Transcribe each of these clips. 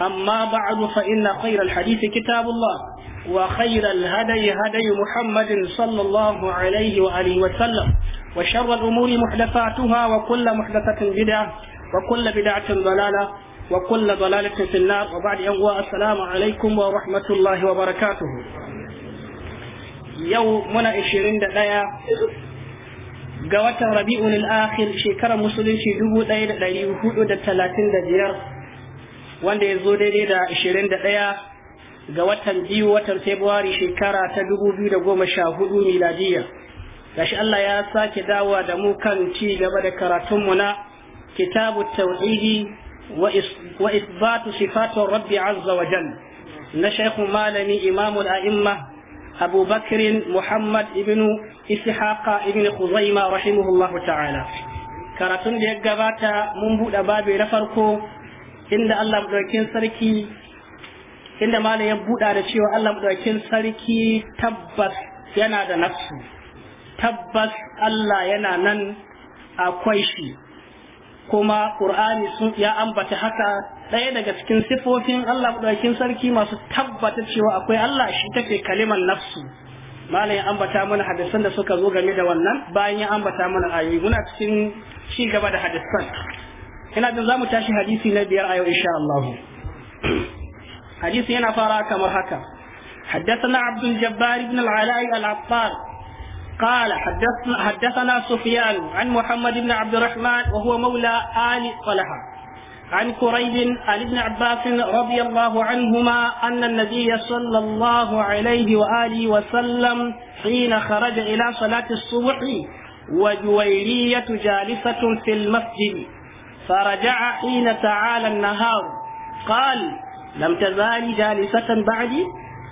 أما بعد فإن خير الحديث كتاب الله وخير الهدي هدي محمد صلى الله عليه وآله وسلم وشر الأمور محدثاتها وكل محدثة بدعة وكل بدعة ضلالة وكل ضلالة في النار وبعد أن السلام عليكم ورحمة الله وبركاته يوم من إشرين دقيقة ga watan rabi'un al-akhir shekarar musulunci 1435 wanda ya zo daidai da ɗaya ga watan biyu watan februari shekara ta goma sha hudu miladiya gashi Allah ya sake dawo da mu kan ci gaba da karatunmu na kitabu tauhidi wa isbatu sifatun rabbi azza wa jal na shaikhu malami imamul al'imma abu bakirin muhammad ibnu ishaqa ibnu khuzaima rahimahullahu ta'ala karatun da ya gabata mun buɗe babi na farko inda Allah madaukakin sarki inda malam ya buɗa da cewa Allah madaukakin sarki tabbas yana da nafsu tabbas Allah yana nan akwai shi kuma ƙur'ani sun ya ambata haka ɗaya daga cikin sifofin Allah madaukakin sarki masu tabbata cewa akwai Allah shi take kalimar nafsu malam ya ambata mana hadisan da suka zo game da wannan bayan ya ambata mana ayoyi muna cikin ci gaba da hadisan ina jin za mu tashi hadisi na biyar a yau insha Allah hadisi yana fara kamar haka حدثنا عبد الجبار بن العلاء العطار قال حدثنا, حدثنا سفيان عن محمد بن عبد الرحمن وهو مولى آل طلحة عن كريب عن ابن عباس رضي الله عنهما أن النبي صلى الله عليه وآله وسلم حين خرج إلى صلاة الصبح وجويرية جالسة في المسجد فرجع حين تعالى النهار قال لم تزالي جالسة بعدي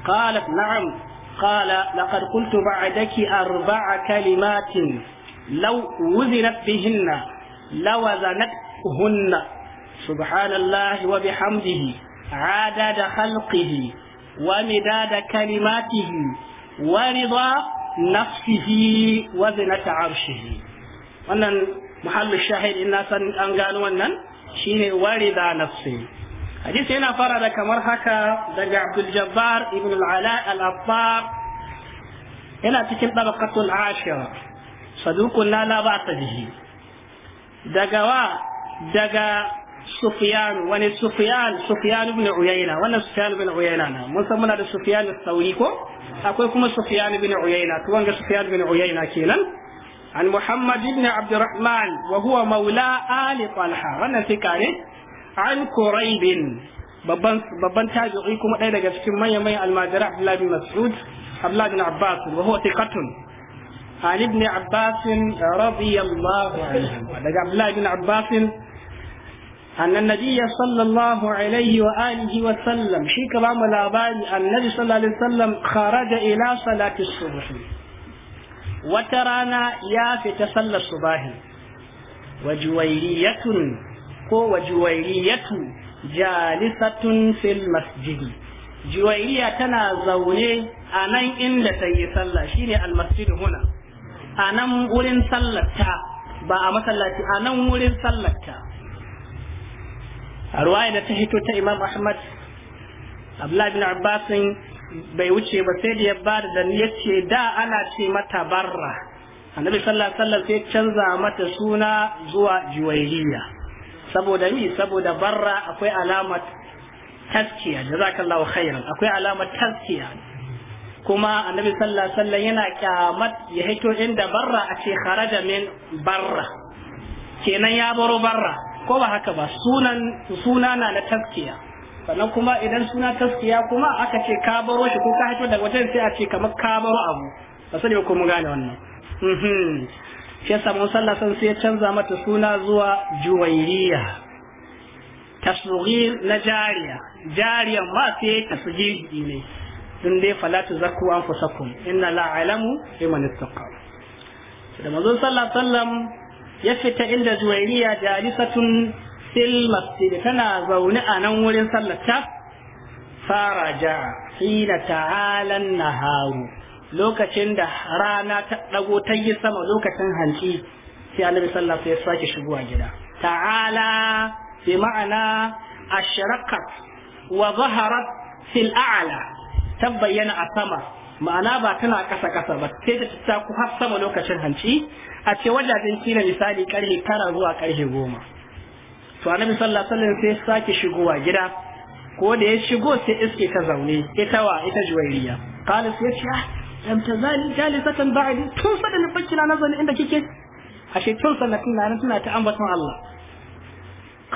قالت نعم قال لقد قلت بعدك أربع كلمات لو وزنت بهن لوزنتهن سبحان الله وبحمده عدد خلقه ومداد كلماته ورضا نفسه وزنة عرشه wannan muhallu shahid in na san an gano wannan shine warida nafsi hadisi yana fara da kamar haka daga Abdul Jabbar ibn al-Ala al-Affar yana cikin tabaqatul ashira saduqun la la ba'sa bihi daga wa daga Sufyan wani Sufyan Sufyan ibn Uyayna wannan Sufyan ibn Uyayna na mun san muna da Sufyan al-Thawri ko akwai kuma Sufyan ibn Uyayna to wanga Sufyan ibn Uyayna kenan عن محمد بن عبد الرحمن وهو مولى آل طلحة وانا سيكاري عن كريب بابان babban tabi'i أيضا ɗaya daga cikin المادرة عبد الله بن مسعود عبد الله بن عباس وهو huwa عن ابن عباس رضي الله عنهما عبد الله بن عباس أن النبي صلى الله عليه وآله وسلم شيك بام الأباني النبي صلى الله عليه وسلم خرج إلى صلاة الصبح wata rana ya fita sallar subahi wajuwairiyatun ko wajuwairiyatu jalisatun fil masjidi juwairiya tana zaune a nan inda ta yi sallah shine almasjid huna a nan wurin sallarta ba a masallaci a nan wurin sallarta a ruwaya da ta hito ta imam ahmad abdullahi bin abbasin bai wuce ba sai da ya ba da dani ya ce da ana ce mata barra annabi sallallahu alaihi wasallam sai canza mata suna zuwa juwayriya saboda ni saboda barra akwai alamat taskiya jazakallahu khairan akwai alamat taskiya kuma annabi sallallahu alaihi wasallam yana kyamat ya hito inda barra a ce kharaja min barra kenan ya baro barra ko ba haka ba sunan na na taskiya sannan kuma idan suna taskiya kuma aka ce ka baro shi ko ka haifar daga wajen sai a ce kamar ka baro abu ba sani ko mu gane wannan mhm. shi yasa mun sallah san sai ya canza mata suna zuwa juwairiya tasghir na jariya Jariya ma sai tasghir ne dun dai falatu zakku anfusakum inna la alamu liman ittaqa da manzon sallallahu alaihi wasallam ya fita inda juwairiya jalisatun fil masjid tana zaune a nan wurin sallata faraja hina ta'alan naharu lokacin da rana ta dago ta yi sama lokacin hanci sai annabi sallallahu alaihi wasallam ya sake shigowa gida ta'ala bi ma'ana ashraqat wa zaharat fil a'la bayyana a sama ma'ana ba tana kasa kasa ba sai ta tsaku har sama lokacin hanci a ce wajajin kina misali karhe tara zuwa karhe goma to annabi sallallahu alaihi wasallam sai sake shigowa gida ko da ya shigo sai iske ta zaune ita wa ita juwairiya qala sai ce ah lam tazali jalisatan ba'di tun sada na bacci na nazari inda kike ashe tun sallatin na tana ta ambaton Allah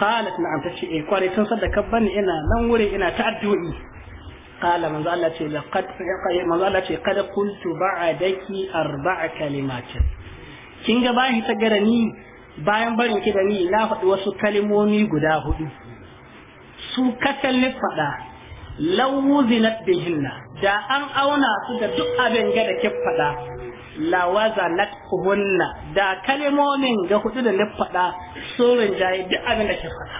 qalat na'am ce eh kware tun sada bani ina nan wuri ina ta addu'i qala manzo Allah ce laqad manzo Allah ce qad qultu ba'daki arba'a kalimatin kin ga bahi ta garani bayan barin ni na faɗi wasu kalmomi guda hudu su kasalin faɗa Lawuzi na bihinna da an auna su da duk abin ga da ke faɗa na hunna da kalmomin ga hudu da na faɗa sun rinjaye duk abin da ke faɗa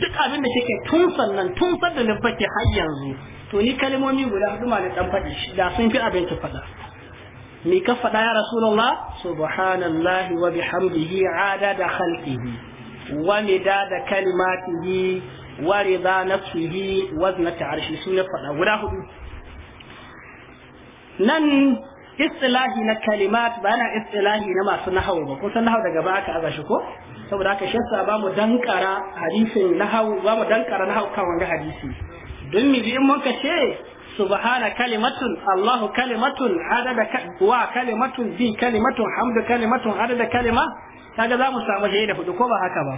duk abin da ke tun sannan tun sannan da nufake har yanzu to ni kalmomi guda hudu ma da dan faɗi da sun fi abin ki faɗa me ka faɗa ya rasulullah subhanallahi wa bihamdihi adada khalqihi wa midada kalimatihi wa rida nafsihi wa zinata arshi su ya faɗa guda hudu nan istilahi na kalimat ba na istilahi na masu nahawu ba kun san nahawu daga ba aka aza ko saboda haka shassa ba mu dankara hadisin nahawu ba mu dankara nahawu kan wanga hadisi don mi biyun mun ka ce subhana kalimatun Allahu kalimatun adada wa kalimatun bi kalimatun hamdu kalimatun adada kalima kaga za mu samu shaida hudu ko ba haka ba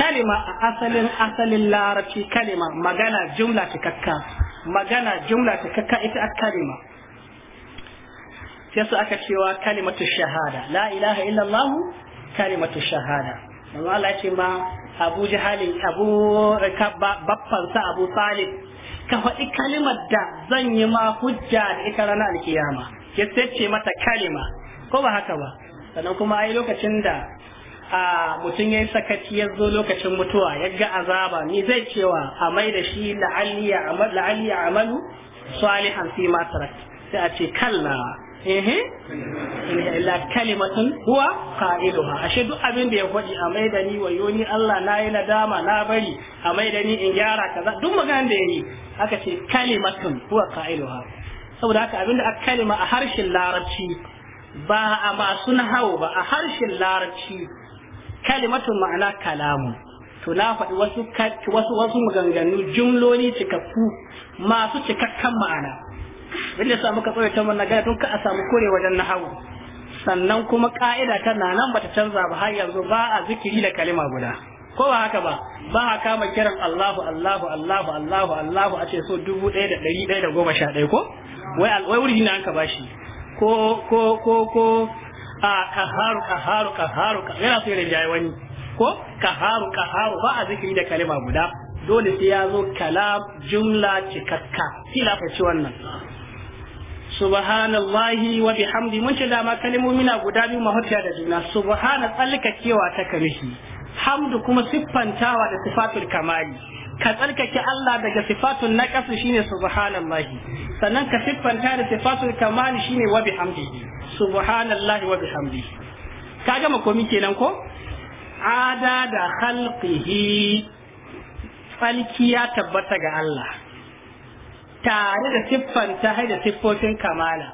kalima a asalin asalin larabci kalima magana jumla cikakka magana jumla cikakka ita a kalima sai su aka cewa kalimatu shahada la ilaha illallah kalimatu shahada Allah ya ce ma Abu Jahalin Abu Bakkansa Abu Talib ka faɗi kalimar da zan yi ma hujja da ita ranar alkiyama ke ce mata kalima ko ba haka ba sannan kuma ai lokacin da a mutum ya yi sakaci ya zo lokacin mutuwa ya ga azaba ni zai cewa a mai da shi la'alli amalu salihan fi ma sai a ce kalla ehe illa kalimatun huwa qailuha ashe duk abin da ya faɗi a maidani ni wayo ni Allah na yi nadama na bari a maida ni in gyara kaza duk maganar da yayi aka ce kalimatun huwa qailuha saboda haka abin da aka kalima a harshen larabci ba a masu nahawu ba a harshen larabci kalimatun ma'ana kalamu to na faɗi wasu wasu jumloni maganganu jumloli cikakku masu cikakken ma'ana bin da samu ka tsoye ta mun nagaya tun ka a samu kore wajen nahawu sannan kuma ka'ida na nan bata canza ba har yanzu ba a zikiri da kalima guda ko ba haka ba ba a kama kiran Allahu Allahu Allahu Allahu Allahu a ce so dubu ɗaya da ɗari ɗaya da goma sha ɗaya ko wai wai wuri na an ka bashi ko ko ko ko a kaharu kaharu kaharu yana so yana rinjaye wani ko kaharu kaharu ba a zikiri da kalima guda dole sai ya zo kalam jumla cikakka kila fa ci wannan subhanallahi wa bihamdi mun ce dama kalmomi na guda biyu mahauta da juna subhana tsalkakewa ta karehi hamdu kuma siffantawa da sifatul kamali ka tsarkake Allah daga sifatun naqas shine subhanallahi sannan ka siffanta da sifatul kamali shine wa bihamdihi subhanallahi wa bihamdihi ka gama komi kenan ko ada da khalqihi tsalki ya tabbata ga Allah tare da siffan ta haida siffofin kamala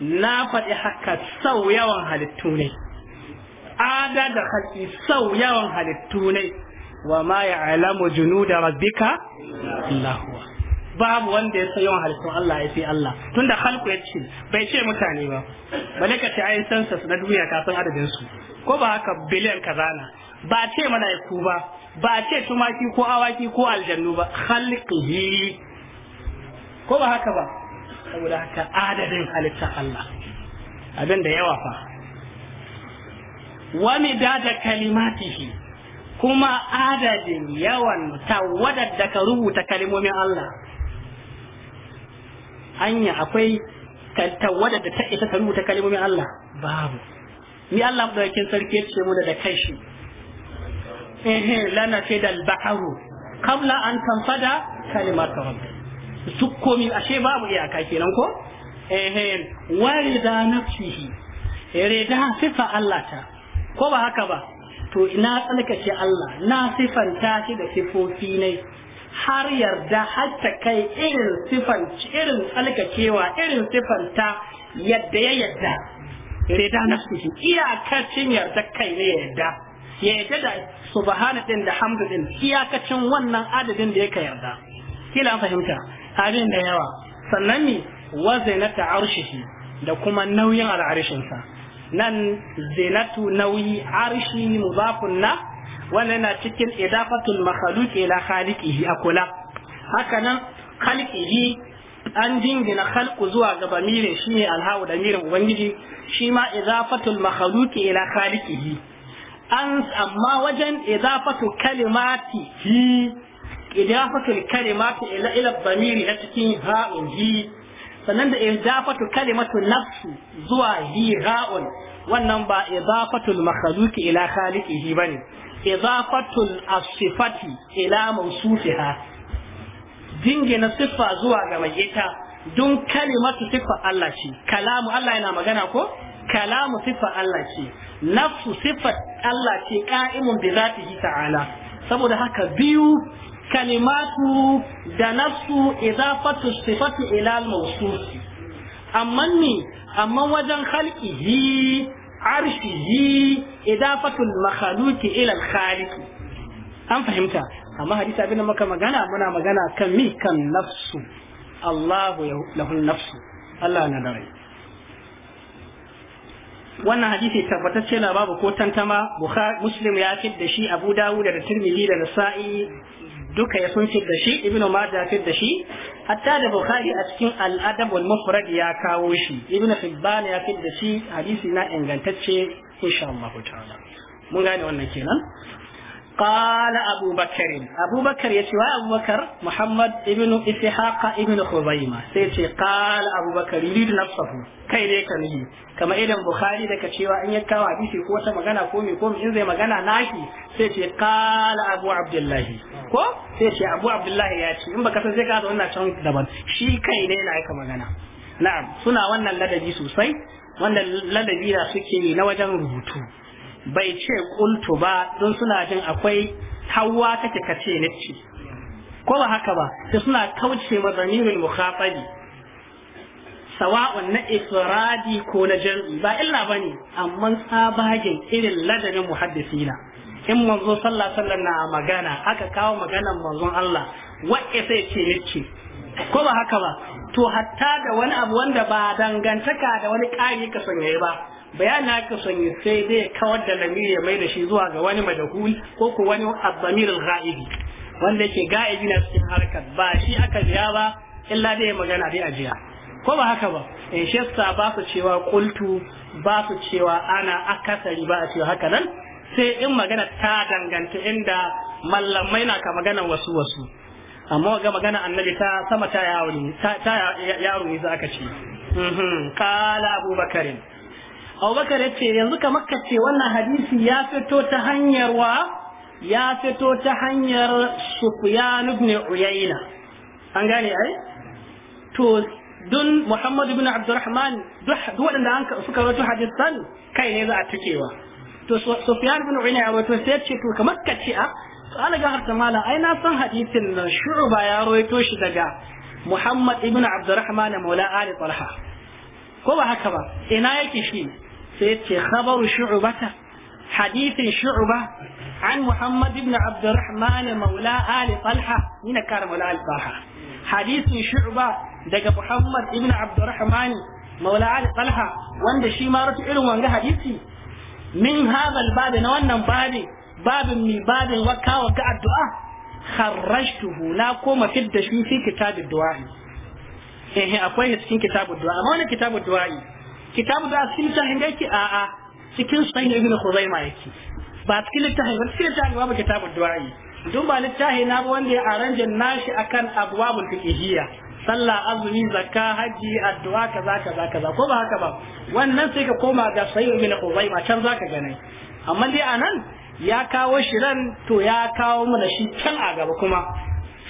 na faɗi haka sau yawan halittu ne ada da haƙi sau yawan halittu ne wa ma ya alamu junu da rabbika lahuwa babu wanda ya san yawan halittun Allah ya fi Allah tunda halku ya ce bai ce mutane ba bane ka ce ayin na duniya kasan san su ko ba haka biliyan kazana ba ce mala'iku ba ba ce tumaki ko awaki ko aljannu ba khalqihi ko ba haka ba saboda haka adadin halittar Allah abin da yawa fa wani dada da kalimatihi kuma adadin yawan tawadar da ka rubuta kalimomin Allah anya akwai tawadar da ta isa ka rubuta kalimomin Allah babu ni Allah da yakin sarki ya ce mu da kai shi eh lana fi dal baharu qabla an tanfada kalimatu rabbik su komi ashe babu iyaka kenan ko ehe warida nafsihi rida sifa Allah ta ko ba haka ba to ina tsalkace Allah na sifanta shi da sifofi ne har yarda hatta kai irin sifan irin tsalkacewa irin sifanta yadda ya yadda rida nafsihi iyakacin yarda kai ne ya yadda ya yadda da subhanahu ɗin da hamdu din iyakacin wannan adadin da yake yarda kila fahimta abin da yawa sannan mi wazinata arshihi da kuma nauyin al'arshinsa nan zinatu nauyi arshi mudafun na wannan na cikin idafatul makhluq ila khaliqihi akula haka nan khaliqihi an jingina khalqu zuwa ga bamirin shine alhawu da mirin ubangiji shi ma idafatul makhluq ila khaliqihi an amma wajen idafatu kalimati hi idafatul kalimatu ila ila bamiri na cikin ha'un hi sannan da idafatu kalimatu nafsu zuwa hi ha'un wannan ba idafatul makhluqi ila khaliqihi bane idafatul as-sifati ila mawsufiha dingina siffa zuwa ga mai ita dun kalimatu siffa Allah ce kalamu Allah yana magana ko kalamu siffa Allah ce nafsu siffa Allah ce qa'imun bi zatihi ta'ala saboda haka biyu kalimatu da nafsu idafatu sifatu ila al-mawsuf amma ni amma wajen khalqihi arshihi idafatu al-makhluqi ila al-khaliq an fahimta amma hadisi abin da muka magana muna magana kan mi kan nafsu Allahu lahu nafsu Allah na dare wannan hadisi tabbatacce na babu ko tantama Muslim ya fit da shi Abu Dawud da Tirmidhi da Nasa'i duka ya sun da shi ibnu majah fi da shi hatta da bukhari a cikin al-adab wal mufrad ya kawo shi ibnu hibban ya fi da shi hadisi na ingantacce insha Allah ta'ala mun gane wannan kenan قال أبو بكر أبو بكر يتوى أبو بكر محمد ابن إسحاق ابن خزيمة سيتي قال أبو بكر يريد نفسه كي ليك نجي كما إذا بخاري ذاك تشوى إن يكوى بيسي قوة مغانا قومي قوم إن زي مغانا ناشي سيتي قال أبو عبد الله ko sai ce abu abdullahi ya ce in baka san sai ka zo wannan can daban shi kai ne yana aika magana na'am suna wannan ladabi sosai wannan ladabi da suke na wajen rubutu bai ce kuntu ba don suna jin akwai hawa kake kace ne ce, ko ba haka ba sai suna kauce ma zamirul mukhatabi sawa'un na ifradi ko na jam'i ba illa bane amma tsabagen irin ladabin muhaddisina in manzo sallah sallan na magana aka kawo maganan manzon Allah wacce sai ce ne ko ba haka ba to hatta da wani abu wanda ba dangantaka da wani ƙari ka sanyaye ba bayanin haka son yi sai dai kawar da lamiri ya mai da shi zuwa ga wani madahul ko ku wani abdamir al-ghaibi wanda yake ga'ibi na cikin harkar ba shi aka biya ba illa dai magana dai ajiya ko ba haka ba in eh, shesta ba su cewa kultu ba su cewa ana akasari ba a cewa haka nan sai in magana ta danganta inda mallamai na ka magana wasu wasu amma ga magana annabi ta sama ta yaro ne ta yaro ne za ka ce kala mhm. abubakarin abubakar ya ce yanzu kamar ka ce wannan hadisi ya fito ta hanyar wa ya fito ta hanyar sufyan ibn uyayna an gane ai to dun muhammad ibn abdurrahman duk waɗanda an suka rawaito hadisan kai ne za a tukewa to sufyan ibn uyayna ya rawaito sai ya ce to kamar ka ce a an ga harta mala ai na san hadisin nan shu'ba ya rawaito shi daga muhammad ibn abdurrahman maula ali talha ko ba haka ba ina yake shi sai ce khabaru shu'bata hadithin shu'ba an muhammad ibn abdurrahman maula ali talha ina kara maula ali talha hadithin shu'ba daga muhammad ibn abdurrahman maula ali talha wanda shi ma rutu irin wanga hadisi min hadha al na wannan babi babin mi babin waka wa ga addu'a kharrajtuhu na koma fidda shi fi kitabid du'a eh akwai cikin kitabud du'a amma wannan kitabud du'a kitabu da cikin littafin da yake a a cikin sunan ibn khuzaima yake ba cikin littafin ba cikin littafin ba kitabu du'a'i duk ba littafi na ba wanda ya aranje nashi akan abwabul fiqhiyya sallah azumi zakka haji addu'a kaza kaza kaza ko ba haka ba wannan sai ka koma ga sahih ibn khuzaima can zaka gane amma dai anan ya kawo shi ran to ya kawo mana shi can a gaba kuma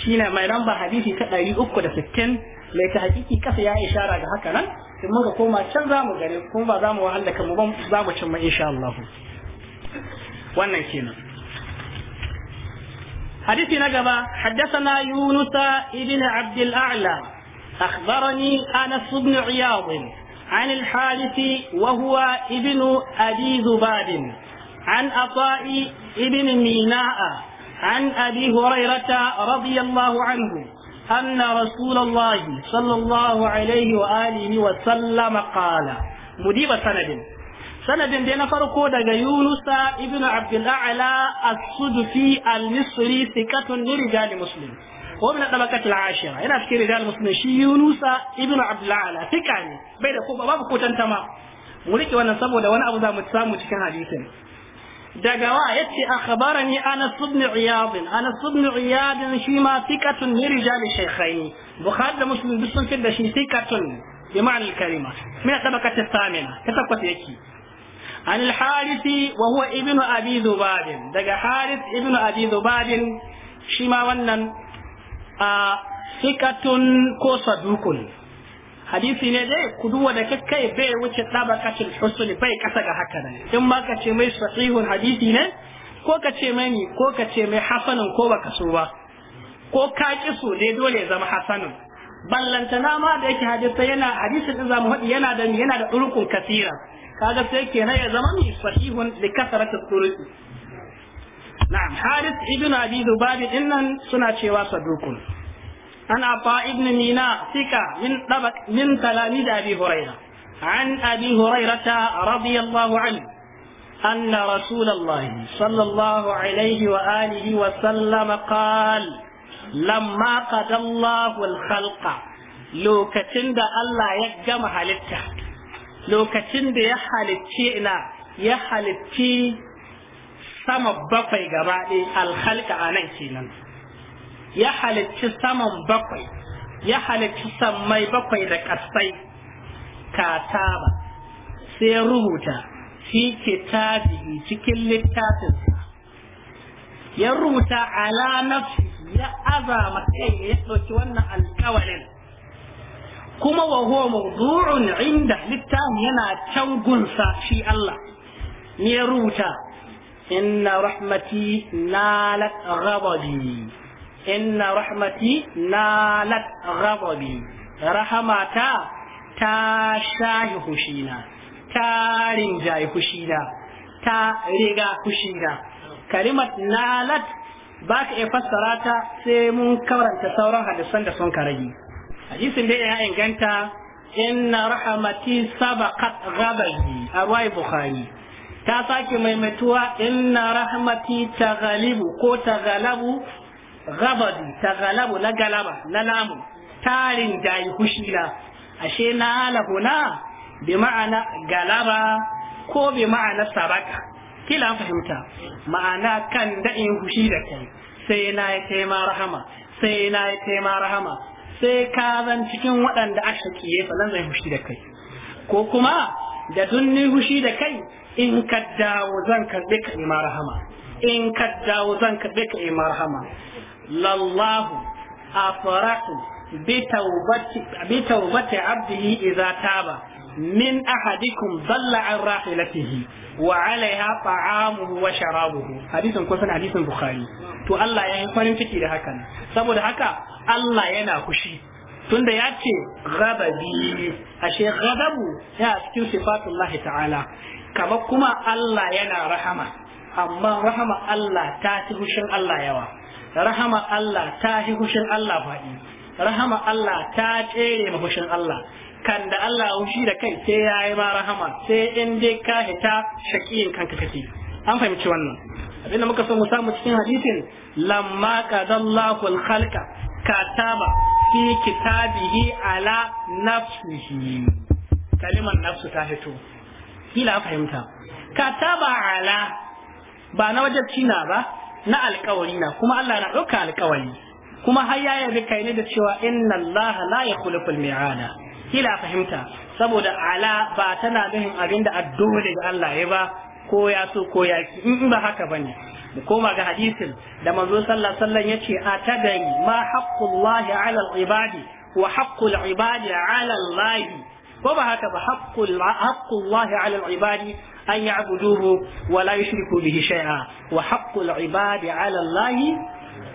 shine mai lamba hadisi ta 360 mai ta hakiki kasa ya ishara ga haka nan in muka koma can za mu gani kuma ba za mu wahala kanmu ba za mu cimma insha Allah wannan kenan حديث نقبة حدثنا يونس ابن عبد الأعلى أخبرني أنس بن عياض عن الحارث وهو ابن أبي ذباب عن عطاء ابن ميناء عن أبي هريرة رضي الله عنه أن رسول الله صلى الله عليه وآله وسلم قال مديب سند سند دينا فرقو دقا يونس ابن عبد الأعلى الصدفي المصري ثقة لرجال مسلم ومن الطبقة العاشرة هنا في رجال مسلم شي يونس ابن عبد الأعلى ثقة بين كوبا باب كوتن تمام ولكن وانا سبو ده وانا أبو ذا متسامو تكن حديثين daga wa ya ce akabara ni ana subni riyadin ana subni riyadin shi ma sikatun ni rijali da musulun duk sun fi da shi sikatun bi ma'anar karima mai a ta samina ta tabbas yake an harisi wa huwa ibnu abi zubadin daga haris ibnu abi zubadin shi ma wannan a sikatun ko sadukun hadisi ne dai ku duwa da kakkai bai wuce kacin husn bai kasa ga haka ne in ma ka ce mai sahihun hadisi ne ko ka ce mai ko ka ce mai hasanun ko baka so ba ko ka ki so dai dole ya zama hasanun ballantana ma da yake hadisi yana hadisi din zamu hadi yana da yana da turukun kasira kaga sai kenan ya zama ni sahihun li kasratis turuqi na'am harith ibn abi dubab dinnan suna cewa sadukun عن عطاء بن ميناء ثقة من طبق من تلاميذ أبي هريرة عن أبي هريرة رضي الله عنه أن رسول الله صلى الله عليه وآله وسلم قال لما قضى الله الخلق lokacin da Allah ya gama halitta lokacin da ya halitti ina ya halitti sama bakwai gaba ɗaya alhalka a nan kenan ya halicci saman bakwai ya halicci sammai bakwai da kasai kataba sai ya rubuta fi kitabihi cikin littafin ya rubuta ala nafsi ya azama kai ya ɗauki wannan alkawarin kuma wa huwa mawdu'un inda littafin yana can gunsa shi Allah ne ya rubuta inna rahmati nalat ghadabi inna rahmati nalat ghadabi rahamata ta shahi hushina ta rinjaye hushina ta riga hushina kalimat nalat ba ka iya fassara ta sai mun karanta sauran hadisan da sun karagi hadisin da ya inganta inna rahmati sabaqat ghadabi a ruwai bukhari ta sake maimaituwa inna rahmati ta galibu ko ta galabu. gabadi ta galabu na galaba na lamu tarin jayi hushina ashe na lahuna bi ma'ana galaba ko bi ma'ana sabaka kila fahimta ma'ana kan da'in hushi da kai sai na yi kai ma rahama sai na yi kai ma rahama sai ka zan cikin waɗanda aka kiye sannan zai hushi da kai ko kuma da dunni hushi da kai in ka dawo zan karɓe ka ima rahama in ka dawo zan karɓe ka ima rahama lallahu afaratu bi tawbati abdihi idza taba min ahadikum dalla an rahilatihi wa alaiha ta'amuhu wa sharabuhu hadisin kun san hadisin to Allah ya yi farin ciki da hakan saboda haka Allah yana kushi tunda ya ce ghadabi ashe ghadabu ya cikin sifatullah ta'ala kamar kuma Allah yana rahama amma rahama Allah ta fi kushin Allah yawa rahama Allah ta fi hushin Allah faɗi rahama Allah ta tsere ma hushin Allah kan da Allah hushi da kai sai yayi ma rahama sai in dai ka hita shaqiyin kanka kake an fahimci wannan abinda muka so mu samu cikin hadisin lamma qadallahu al-khalqa kataba fi kitabihi ala nafsihi kalimar nafsu ta fito kila fahimta kataba ala ba na wajen cina ba na alƙawari na kuma Allah na ɗauka alƙawari kuma har ya yarda kai ne da cewa inna Allah la yakhluqu al-mi'ada kila fahimta saboda ala ba tana nufin abinda addu'a da Allah ya ba ko ya so ko ya ki in ba haka bane mu koma ga hadisin da manzo sallallahu alaihi wasallam yace atadani ma haqqullahi ala al-ibadi wa haqqul ibadi ala lahi. ko ba haka ba haqqullahi ala al-ibadi an ya'buduhu wa la yushriku bihi shay'a wa haqqul ibadi ala allahi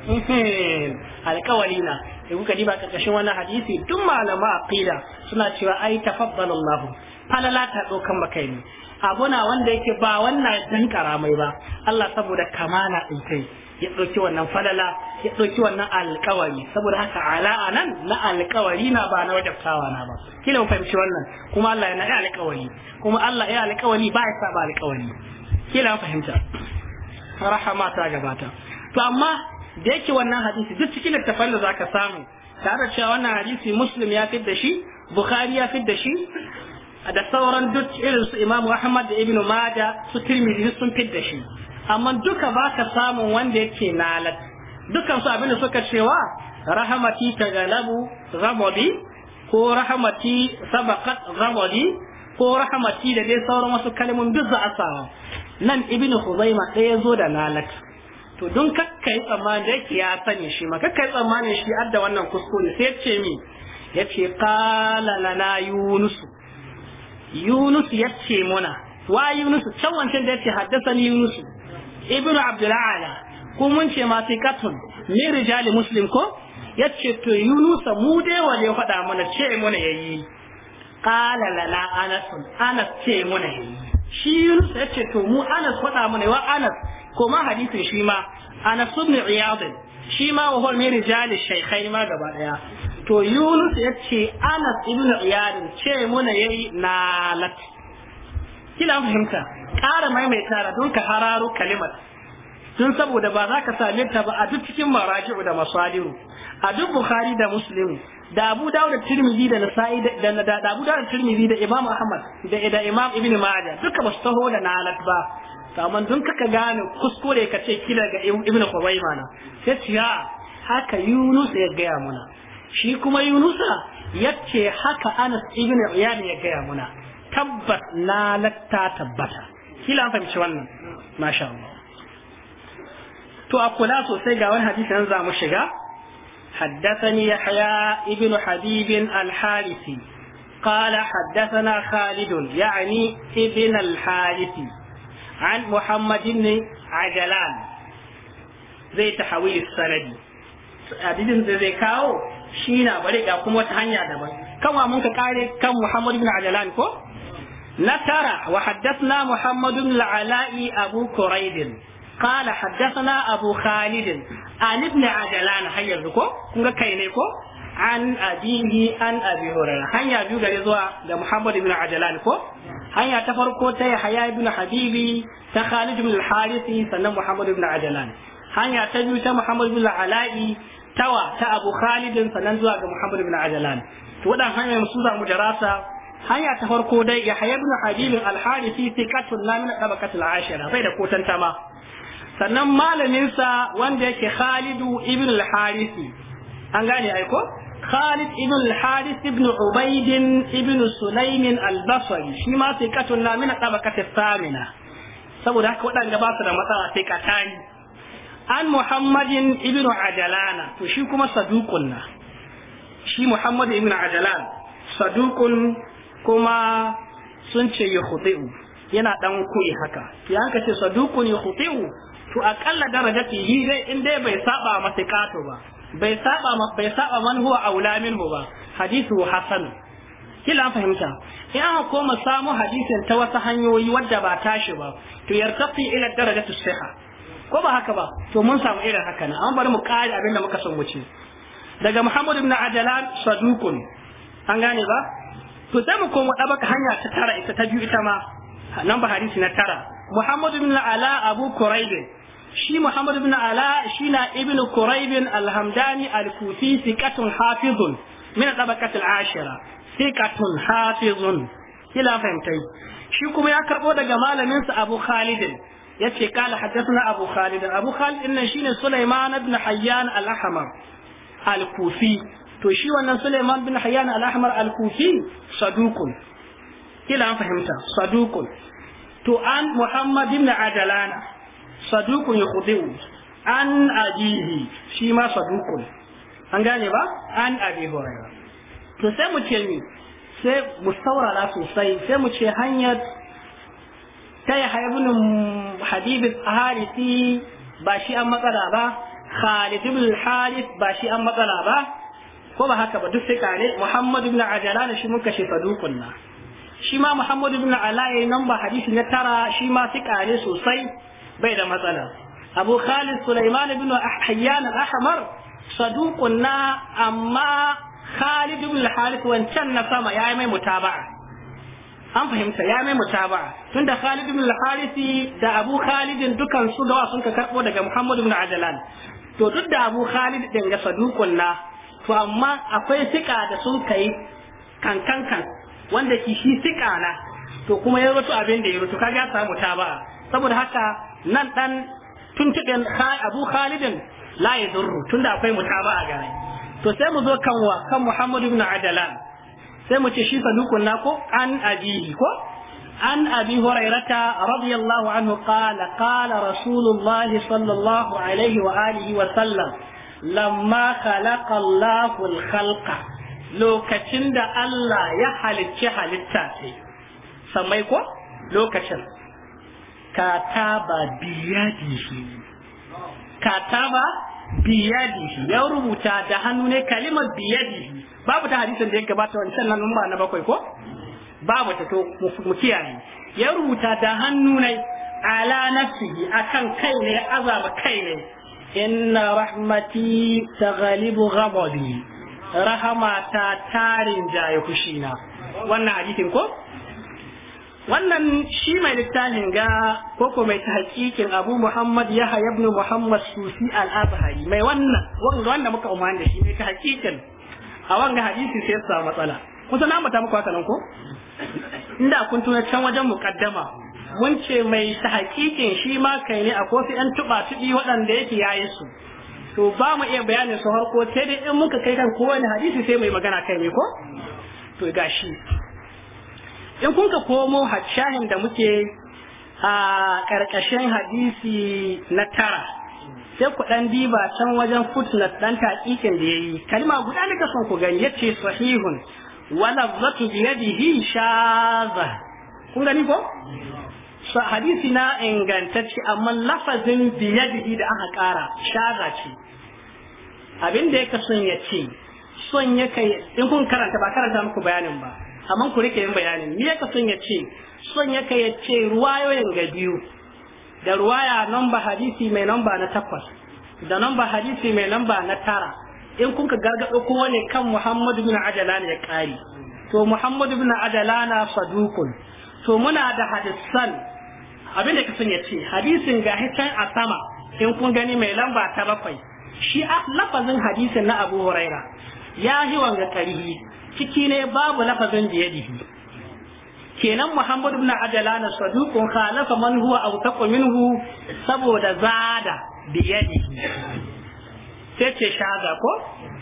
alƙawalina da kuka diba karkashin wannan hadisi tun malama aqida suna cewa ai tafaddala Allah falala ta dokan makai ne abuna wanda yake ba wannan dan karamai ba Allah saboda kamala din kai ya ɗauki wannan falala ya ɗauki wannan alkawari saboda haka ala'a nan na alkawari na ba na wajabtawa na ba kila mu fahimci wannan kuma Allah yana ya alkawari kuma Allah ya alkawari ba ya saba alkawari kila mu fahimta rahama ta gabata to amma da yake wannan hadisi duk cikin littafan da zaka samu tare da cewa wannan hadisi muslim ya fidda shi bukhari ya fidda shi da sauran duk irin su imamu ahmad da ibnu maja su tirmidhi sun fidda shi amma duka baka samun wanda yake nalat dukan su abinda suka cewa rahamati tagalabu ghadabi ko rahamati sabaqat ghadabi ko rahamati da dai sauran wasu kalmomin duk za a samu nan ibnu huzaima ɗaya zo da nalat to don kakkai tsammanin da yake ya sani shi ma kakkai tsammanin shi adda wannan kuskure sai ya ce mi ya ce kala lana yunusu yunusu ya ce muna wa yunusu can wancan da ya haddasa ni yunusu ibn abdul ala mun ce ma sai katun ne rijali muslim ko yace to yunusa mu dai waje faɗa mana ce mana yayi qala lana anas anas ce mana yayi shi yunus yace to mu anas faɗa mana wa anas ko ma hadisin shi ma anas ibn iyad shi ma wa huwa min rijali shaykhain ma gaba daya to yunus yace anas ibn iyad ce mana yayi nalat kila fahimta ƙara maimaita don ka hararo kalimar tun saboda ba za ka same ta ba a duk cikin maraji'u da masadiru a duk bukhari da muslim da abu dawud da tirmidhi da nasa'i da da abu dawud da tirmidhi da imam ahmad da da imam ibnu majah duka basu taho da nalat ba to amma dun kaka gane kuskure ka ce kila ga ibnu khuwayma na sai tiya haka yunus ya gaya muna shi kuma yunusa yace haka anas ibnu iyad ya gaya muna tabbas nalat ta tabbata kila an fahimci wannan masha Allah to a kula sosai ga wani hadisi nan za mu shiga حدثني يحيى ابن حبيب الحارثي قال حدثنا خالد يعني ابن الحارثي عن محمد بن عجلان زي تحويل السند hadisin da zai kawo shi na bari ga kuma wata hanya daban kan wa ka kare kan Muhammad ibn ko na tara wa haddathna Muhammad ibn al-Ala'i Abu Quraib قال حدثنا أبو خالد عن ابن عجلان هيا ذكو كنغا كاينيكو an abihi an abi hurairah hanya biyu gare zuwa da muhammad ibn ajlan ko hanya ta farko ta yahya ibn habibi ta khalid ibn al-harisi sannan muhammad ibn ajlan hanya ta biyu ta muhammad ibn ala'i tawa ta abu khalid sannan zuwa ga muhammad ibn hanya ta farko dai ya hayya ibn habil al-harisi thiqatun la min tabaqat al-ashira bai da kotanta ma sannan malamin sa wanda yake Khalidu ibn al-harisi an gane aiko? Khalid ibn al-haris ibn ubayd ibn sulaym al-basri shi ma thiqatun la min tabaqat ta samina. saboda haka waɗanda ba su da matsala sai katani an muhammadin ibn ajalana to shi kuma saduqun na shi muhammad ibn ajalan saduqun kuma sun ce ya yana dan kuri haka ya haka ce saduqun ya to akalla darajati yi dai in dai bai saba masa kato ba bai saba bai saba man huwa aula minhu ba hadithu hasan kila fahimta in aka koma samu hadisin ta wasu hanyoyi wadda ba tashi ba to yartafi ila darajatu siha ko ba haka ba to mun samu irin haka na an bari mu kare abin da muka son wuce daga muhammad ibn ajalan Sadukun an gane ba to sai mu koma ɗabaka hanya ta tara ita ta biyu ita ma nan ba hadisi na tara muhammadu bin ala abu kuraibin shi muhammadu bin ala shi na ibn kuraibin alhamdani alkufi sikatun hafizun min ɗabakati al'ashira sikatun hafizun kila fahimtai shi kuma ya karɓo daga malaminsa abu khalidin yace kala haddathana abu khalid abu khalid inna shine sulaiman ibn hayyan al-ahmar al-kufi to shi wannan Suleiman bin Hayyan al-Ahmar al-Kufi saduqun kila an fahimta saduqun to an Muhammad ibn Adalana saduqun yakhudu an ajihi shi ma saduqun an gane ba an abi hurairah to sai mu ce ni sai mu saurara sosai sai mu ce hanyar ta yi haibun habibin harisi ba shi an matsala ba khalid ibn harith ba shi an matsala ba ko ba haka ba duk sai kare Muhammad ibn Ajala shi muka shi sadukun shi ma Muhammad ibn Ala yayin nan ba hadisi na tara shi ma sai kare sosai bai da matsala Abu Khalid Sulaiman ibn Ahyan al-Ahmar sadukun na amma Khalid ibn al-Harith wancan na sama yayi mai mutaba'a an fahimta ya mai mutabaa. tunda Khalid ibn al da Abu Khalid dukan su gawa sun ka karbo daga Muhammad ibn Ajlan to duk da Abu Khalid din ga sadukun na to amma akwai sika da sun kai kankan kan wanda ki shi sika na to kuma ya rutu abin da ya rutu kaga ya samu ba. saboda haka nan dan tuntuɗin Abu Khalidin la yadurru tunda akwai mutaba a gare to sai mu zo kan wa kan Muhammad ibn Adalan sai mu ce shi sadukun na ko an abihi ko an abi hurairata radiyallahu anhu qala qala rasulullahi sallallahu alaihi wa wa sallam lamma khalaqa Allahu al-khalqa lokacin da Allah ya halicci halitta ce samai ko lokacin kataba biyadihi kataba biyadihi ya rubuta da hannu ne kalimar biyadihi babu ta hadisin da ya gabata wancan nan ba na bakwai ko babu ta to mu kiyaye ya rubuta da hannu ne ala nafsihi akan kai ne azaba kai ne inna rahmati taghlibu ghadabi rahama ta tarin jaye kushina wannan hadisin ko wannan shi mai littafin ga koko mai tahqiqin Abu Muhammad ya ibn Muhammad Sufi al-Azhari mai wannan wanda muka umarni da shi mai tahqiqin a wanga hadisi sai ya samu matsala kusa na mata muku haka nan ko inda kun tuna can wajen muqaddama wance mai ta hakikin shi ma kai ne a kofi yan tuba tubi waɗanda yake yayi su to ba mu iya bayanin su harko sai dai in muka kai kan kowane hadisi sai mai magana kai mai ko to ga shi in kun ka komo shahin da muke a ƙarƙashin hadisi na tara sai ku ɗan diba can wajen footnote ɗan taƙiƙin da ya yi kalma guda ne ka son ku gani yace sahihun wala zatu biyadihi shaza kun gani ko hadisi na ingantacce amma lafazin biyadihi da aka kara shaza ce abin da yake son ya ce son ya kai in kun karanta ba karanta muku bayanin ba amma ku rike yin bayanin Ni yake son ya ce son ya kai ya ce ruwayoyin ga biyu da ruwaya namba hadisi mai namba na takwas da namba hadisi mai namba na tara in kun ka gargaɗo wani kan muhammadu bin ajalana ya kari to muhammadu bin ajalana sadukun to muna da hadisan abin da kasan ya ce hadisin ga can a sama in kun gani mai lamba ta bakwai shi a lafazin hadisin na abu huraira ya yi wanga karihi ciki ne babu lafazin dihi kenan muhammadu ajala na sadukun khalafa man huwa awtaqu minhu saboda zada biyadihi sai ce shaza ko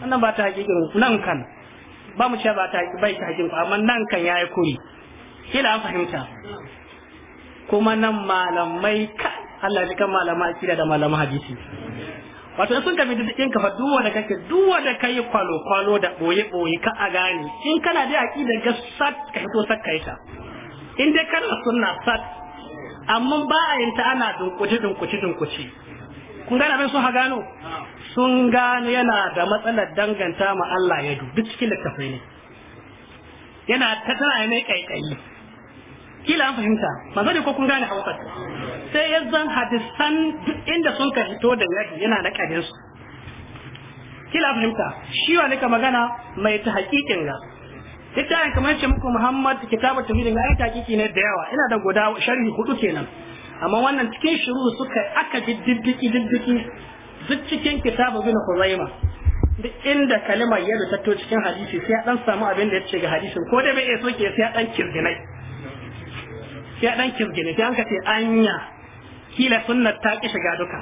wannan ba ta hakikin nan kan ba mu ce ba ta bai ta hakikin amma nan kan yayi kuri kila an fahimta kuma nan malamai ka Allah ya kan malama akida da malama hadisi wato sun kafi da cikin kafa duk da kake duwa da kai kwalo kwalo da boye boye ka a gane in kana da akida ga sat ka fito sat kai ta in dai kana sunna sat amma ba a yin ta ana dunkuci dunkuci dunkuci kun gane abin sun ha gano sun gano yana da matsalar danganta ma Allah ya duk cikin littafai ne yana ta tana ne kai kila an fahimta ban ko kun gane hausa sai ya zan hadisan inda sun ka fito da yaki yana da kadin su kila fahimta shi wa nika magana mai ta hakikin ga littafin kamar ce muku Muhammad kitabar tauhidin ga ayyuka hakiki ne da yawa ina da guda sharhi hudu kenan amma wannan cikin shiru suka aka diddiki diddiki duk cikin kitabu bin duk inda kalimar yadda ta to cikin hadisi sai ya dan samu abin da ya ce ga hadisin ko dai bai iya soke sai ya dan kirdinai sai dan kirgine sai an ka ce anya kila sunnar ta ki shiga duka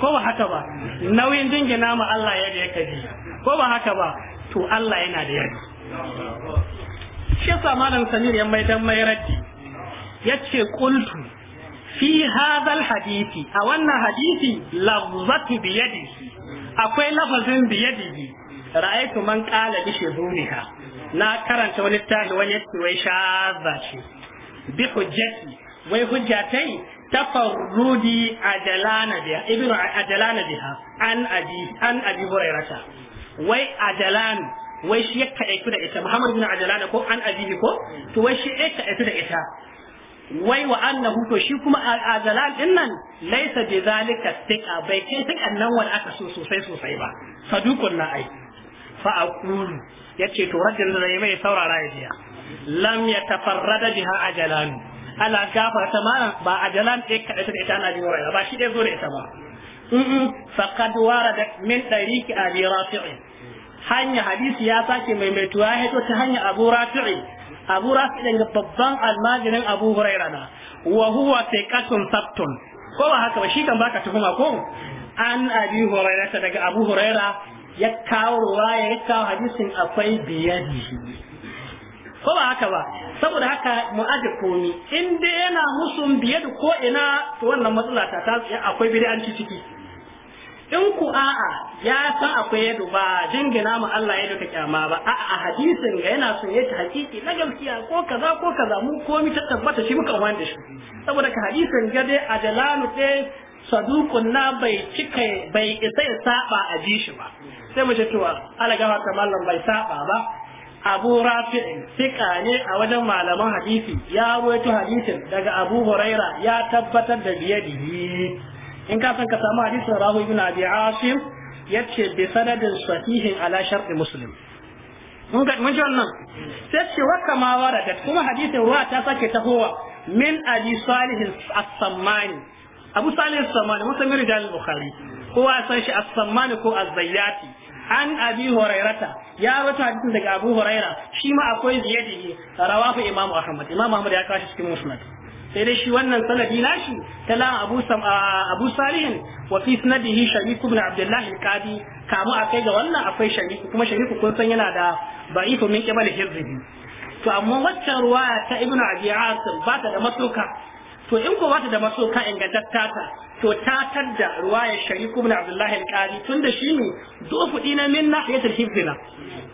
ko ba haka ba nauyin dingina ma Allah yadda ya kaji ko ba haka ba to Allah yana da yadda shi yasa malam Samir ya mai dan mai raddi yace qultu fi hadha hadisi a wannan hadisi lafzatu bi yadihi akwai lafazin bi yadihi ra'aytu man qala bi shuduniha na karanta wani tafi wani yace wai shadda shi bihujjati hujjati wai hujjatai tafarrudi adalana biha ibnu adalana biha an abi an abi hurairata wai adalan wai shi ya da ita muhammad adalana ko an ko to wai shi da ita wai wa annahu to shi kuma azalan din nan laisa bi zalika tika bai kai tikan nan aka so sosai sosai ba sadukun na ai fa aqulu yace to rajul da mai saurara ya biya lam tafarrada biha ajalan ala gafarta mana ba ajalan ɗaya kaɗai ta ita ana bi ba shi ɗaya zo da ita ba faqad warada min tariqi abi rafi'i hanya hadisi ya sake maimaituwa ya hito ta hanya abu rafi'i abu rafi'i babban almajirin abu huraira na wa huwa thiqatun sabtun ko ba haka ba shi kan baka tuhuma ko an abi huraira daga abu huraira ya kawo ruwaya ya kawo hadisin akwai biyadi ko ba haka ba saboda haka mu aje komi in dai yana musun biye da ko ina to wannan matsala ta ta akwai bid'anci ciki in ku a'a ya san akwai yadu ba jingina mu Allah ya duka kyama ba a'a a hadisin ga yana son yake hakiki na gaskiya ko kaza ko kaza mu komi ta tabbata shi muka wanda shi saboda ka hadisin ga dai ajalanu dai sadukun na bai cika bai isa ya saba a ji shi ba sai mu ce to Allah ga mallam bai saba ba abu rafi'in sika ne a wajen malaman hadisi ya wato hadisin daga abu huraira ya tabbatar da biyadihi in ka san ka samu hadisin rahu ibn abi asim yace bi sanadin sahihin ala shar'i muslim mun ga mun wannan sai ce wa kama waradat kuma hadisin ruwa ta sake tahowa min abi salih as-sammani abu salih as-sammani musamman rijal bukhari kowa san shi as-sammani ko az-zayyati an abi hurairata ya rawaito hadisin daga abu huraira shi ma akwai ziyadi rawahu imam ahmad imam ahmad ya kashi cikin musnad sai dai shi wannan sanadi nashi tala abu abu salih wa fi sanadihi shariku ibn abdullah al-qadi kamu akai ga wannan akwai shariku kuma shariku kun san yana da ba'ifu min qibal hizbi to amma waccan ruwaya ta ibn abi asim ba ta da masuka to in ko ba ta da masuka ingantatta to ta tadda ruwayar shariku bin abdullahi al tun da shi ne dofuɗi na min nahiyatul hibzina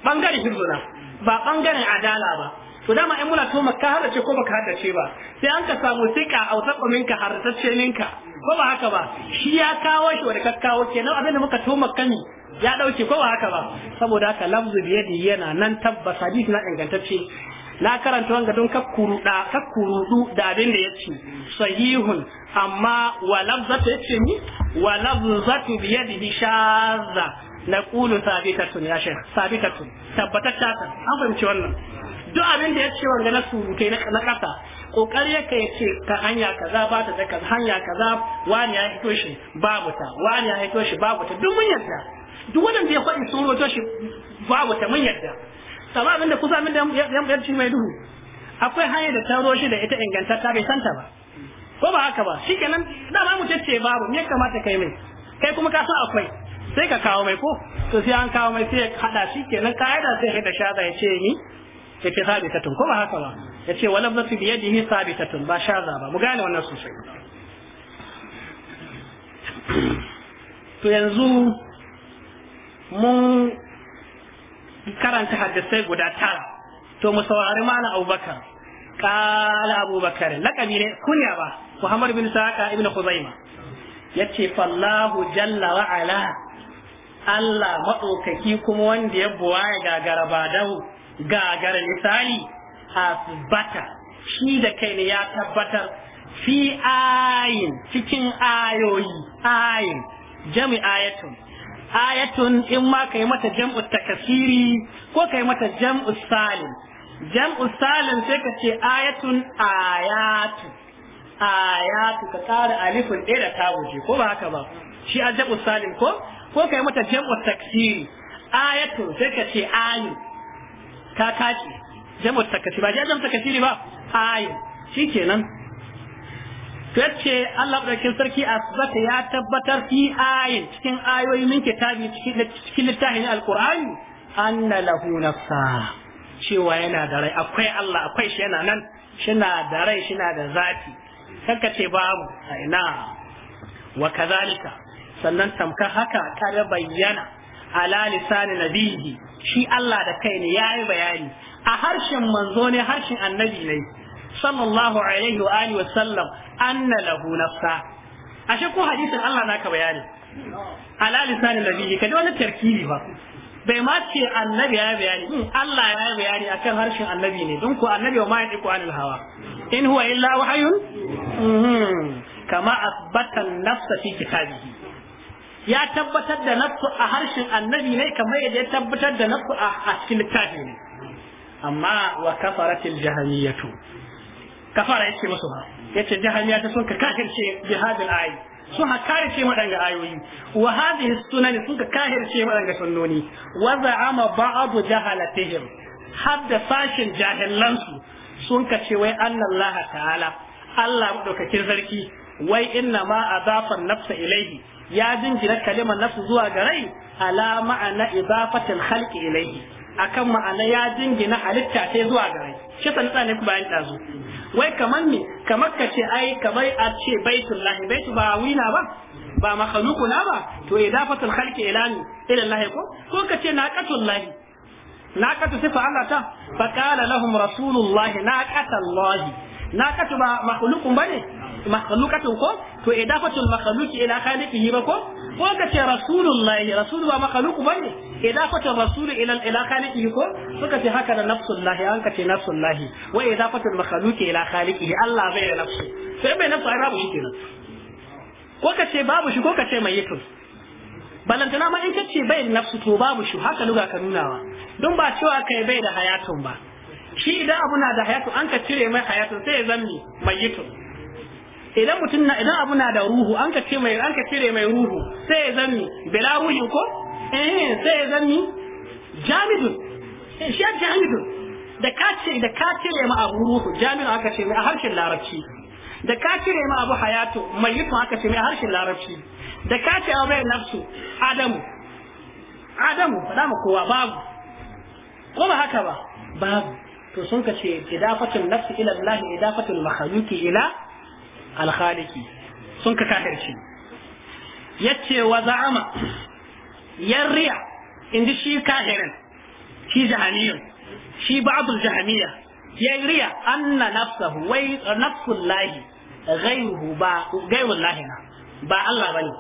bangaren hibzina ba ɓangaren adala ba to dama in muna to makka har ce ko baka har ba sai an ka samu sika autaqa minka haratacce minka ko ba haka ba shi ya kawo shi wanda kakkawo kenan abin da muka to mi? ne ya dauke ko ba haka ba saboda haka lafzu yadda yana nan tabbas hadisi na ingantacce na karanta wanga don kakkuru da abin da ya ce sahihun amma wa lafzatu yace ni wa lafzatu bi yadihi na naqulu sabitatun ya shaykh sabitatun tabbata ta an fahimci wannan duk abin da yace wanga na surutai na kasa kokari yake yace ta hanya kaza ba ta da hanya kaza wani ya hito shi babu ta wani ya hito shi babu ta duk mun yadda duk da ya faɗi sun roto shi babu ta mun yadda amma abin da kusa min da yanci mai duhu akwai hanyar da ta roshi da ita ta bai santa ba ko ba haka ba shikenan dama mu tace babu me ya kamata kai mai kai kuma ka san akwai sai ka kawo mai ko to sai an kawo mai sai ya hada shikenan kaida sai hada shaza ya ce ni ya ce sabitatun ko ba haka ba ya ce wala zafi biyadihi sabitatun ba shaza ba mu gane wannan sosai to yanzu mun karanta hadisai guda tara to mu saurari mana abubakar kala abubakar laƙabi ne kunya ba Muhammad bin Saqa ibn Khuzaima yace fallahu jalla wa ala Allah madaukaki kuma wanda ya buwaya gagara badahu gagara misali asbata shi da kai ne ya tabbatar fi ayin cikin ayoyi ayin jami ayatun ayatun in ma kai mata jam'u takasiri ko kai mata jam'u salim jam'u salim sai ka ce ayatun ayatun ya ka tsara alifin ɗaya da ta ko ba haka ba shi jabu salim ko ko kai mata jam'u taksiri ayatu sai ka ce ayu ka kace jam'u taksiri ba jam'u taksiri ba ayu kenan. to yace Allah ɗaukin sarki asbata ya tabbatar fi ayin cikin ayoyi min kitabi cikin cikin littafin alqur'ani anna lahu nafsa cewa yana da rai akwai Allah akwai shi yana nan shina da rai shina da zati kanka ce babu ina wa kazalika sannan tamka haka kada bayyana ala lisani nabihi shi Allah da kai ne yayi bayani a harshen manzo ne harshen annabi ne sallallahu alaihi wa alihi wa sallam anna lahu nafsa ashe ko hadisin Allah naka bayani ala lisani nabihi kaje wani tarkibi ba bai ma ce annabi ya bayani hmm, Allah ya bayani akan harshen annabi ne don ko annabi ma ya diku anil hawa in huwa illa wahayun mhm. kama asbatan nafsa fi kitabihi ya tabbatar da nafsu a harshen annabi ne kamar yadda ya tabbatar da nafsu a cikin littafi ne amma wa kafaratil jahamiyatu kafara yace musu ba yace jahamiya ta sun ka kafirce jihadul ayi sun ha kafirce madanga ayoyi wa hadhihi sunan sun ka kafirce madanga sunnoni wa za'ama ba'd jahalatihim hadda sashin jahilansu sun ka ce wai Allah ta'ala Allah ɗaukakin sarki wai inna ma a zafan nafsa ilaihi ya jingina kalimar nafsu zuwa ga rai ala ma'ana idafatil khalqi ilaihi akan ma'ana ya jingina halitta ce zuwa ga rai shi san tsane ku bayan ɗazu. wai kamar me kamar ka ce ai kamar a ce baitullahi baitu ba wina ba ba na ba to idafatul khalqi ila ni ila Allah ko ko ka ce naqatullahi naqatu sifa Allah ta fa qala lahum rasulullah naqata Allah naqatu ba makhluqun bane ko to makhluqi ila khaliqihi ba ko ko ka ce rasulullah rasul ba bane rasul ila ila khaliqihi ko ce haka da an ka ce wa makhluqi ila khaliqihi Allah bai da nafsu sai bai nafsu ai babu shi kenan ko ka ce babu shi ko ka ce balantana ma in bai nafsu to babu shi haka luga ka nunawa don ba cewa kai bai da hayatun ba shi idan abu na da hayatun an ka cire mai hayatun sai ya yi mayyitun idan mutum na idan abu na da ruhu an ka cire mai an ka cire mai ruhu sai ya zanni bila ruhin ko eh sai ya zanni jamidun eh, shi ya jamidun da ka ce da ka cire ma abu ruhu jamidun aka ce mai a harshen larabci da ka cire ma abu yi mayyitun aka ce mai a harshen larabci da ka ce abu bai nafsu adamu adamu ba ma kowa babu Kuma ba haka ba babu to sun ka ce idafatul nafsi ila Allah idafatul makhluqi ila al khaliqi sun ka kafirci yace wa za'ama yarriya inda shi kafirin shi jahaniyun shi ba'dul jahamiya yarriya anna nafsahu wai nafsul lahi ghayruhu ba ghayrul lahi ba Allah bane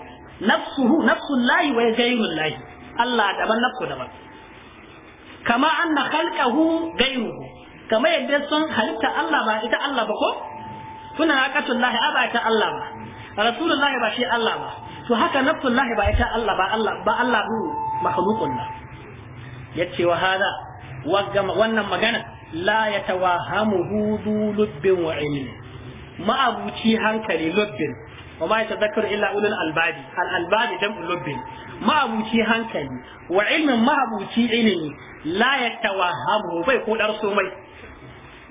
nafsuhu nafsul lahi wai ghayrul lahi Allah daban nafsu daban kama anna khalqahu ghayruhu kama yadda sun halitta Allah ba ita Allah ba ko tuna haqatullahi aba ita Allah ba rasulullahi ba shi Allah ba to haka nafsullahi ba ita Allah ba Allah ba Allah bu makhluqun la yace wa hada wannan magana la ya yatawahamuhu hudu lubbin wa ilmin ma'abuci hankali lubbin wa ma yatadhakkaru illa ulul albabi al albabi jam'u lubbin ma'abuci hankali wa ilmin ma'abuci ilimi la ya tawahamu bai ko dar darso mai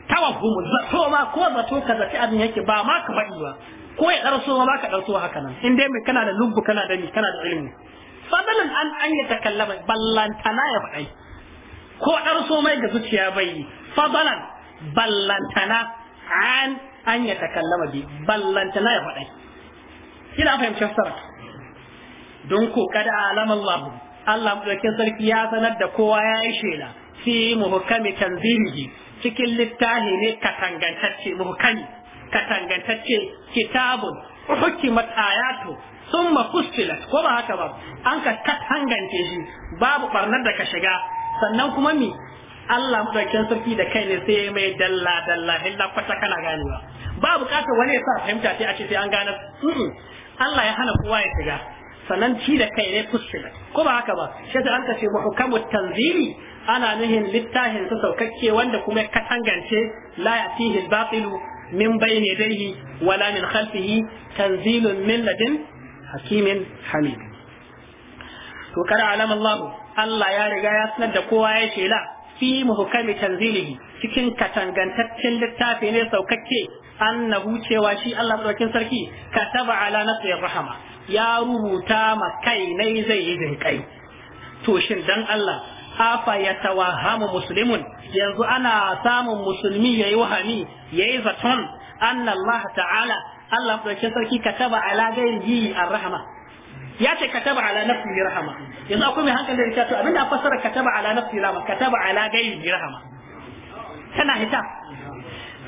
tawahumu zato ma ko zato ka zaci abin yake ba ma ka ba'i ba ko ya darso ma ba ka darso haka nan in dai mai kana da lubbu kana da ni kana da ilimi fadalan an an ya takallama ballantana ya faɗi ko darso mai ga zuciya bai fadalan ballantana an an ya takallama bi ballantana ya faɗi kina fahimci fasara don ku kada alama Allah Allah mutakin sarki ya sanar da kowa ya yi shela fi muhkami tanzilihi cikin littafi ne katangantacce muhkami katangantacce kitabun hukimat ayatu summa fustilat ko ba haka ba an ka katangance shi babu barnar da ka shiga sannan kuma mi Allah mu dauke sarki da kai ne sai mai dalla dalla illa kwata kana ganewa ba bukatar wani ya sa fahimta sai a ce sai an gane Allah ya hana kowa ya shiga sannan shi da kai ne fussila ko ba haka ba shi da an ka ce tanzili ana nihin littafin su saukakke wanda kuma ya tangance la yatihi al min bayni yadayhi wala min khalfihi tanzilun min ladin hakimin hamid to kar alam Allah Allah ya riga ya sanar da kowa ya ce la fi muhukami tanzilihi cikin katangantaccen littafi ne saukakke annahu cewa shi Allah madaukin sarki kataba ala nafsi rahama ya rubuta ma kai nai zai yi jin kai to shin dan Allah afa ya tawahamu muslimun yanzu ana samun musulmi yayi wahami yayi zaton anna Allah ta'ala Allah madaukakin sarki kataba ala gairi ar-rahma ya ce kataba ala nafsi rahama yanzu akwai mai hankali da to abinda a fassara kataba ala nafsi rahama kataba ala gairi rahama tana hita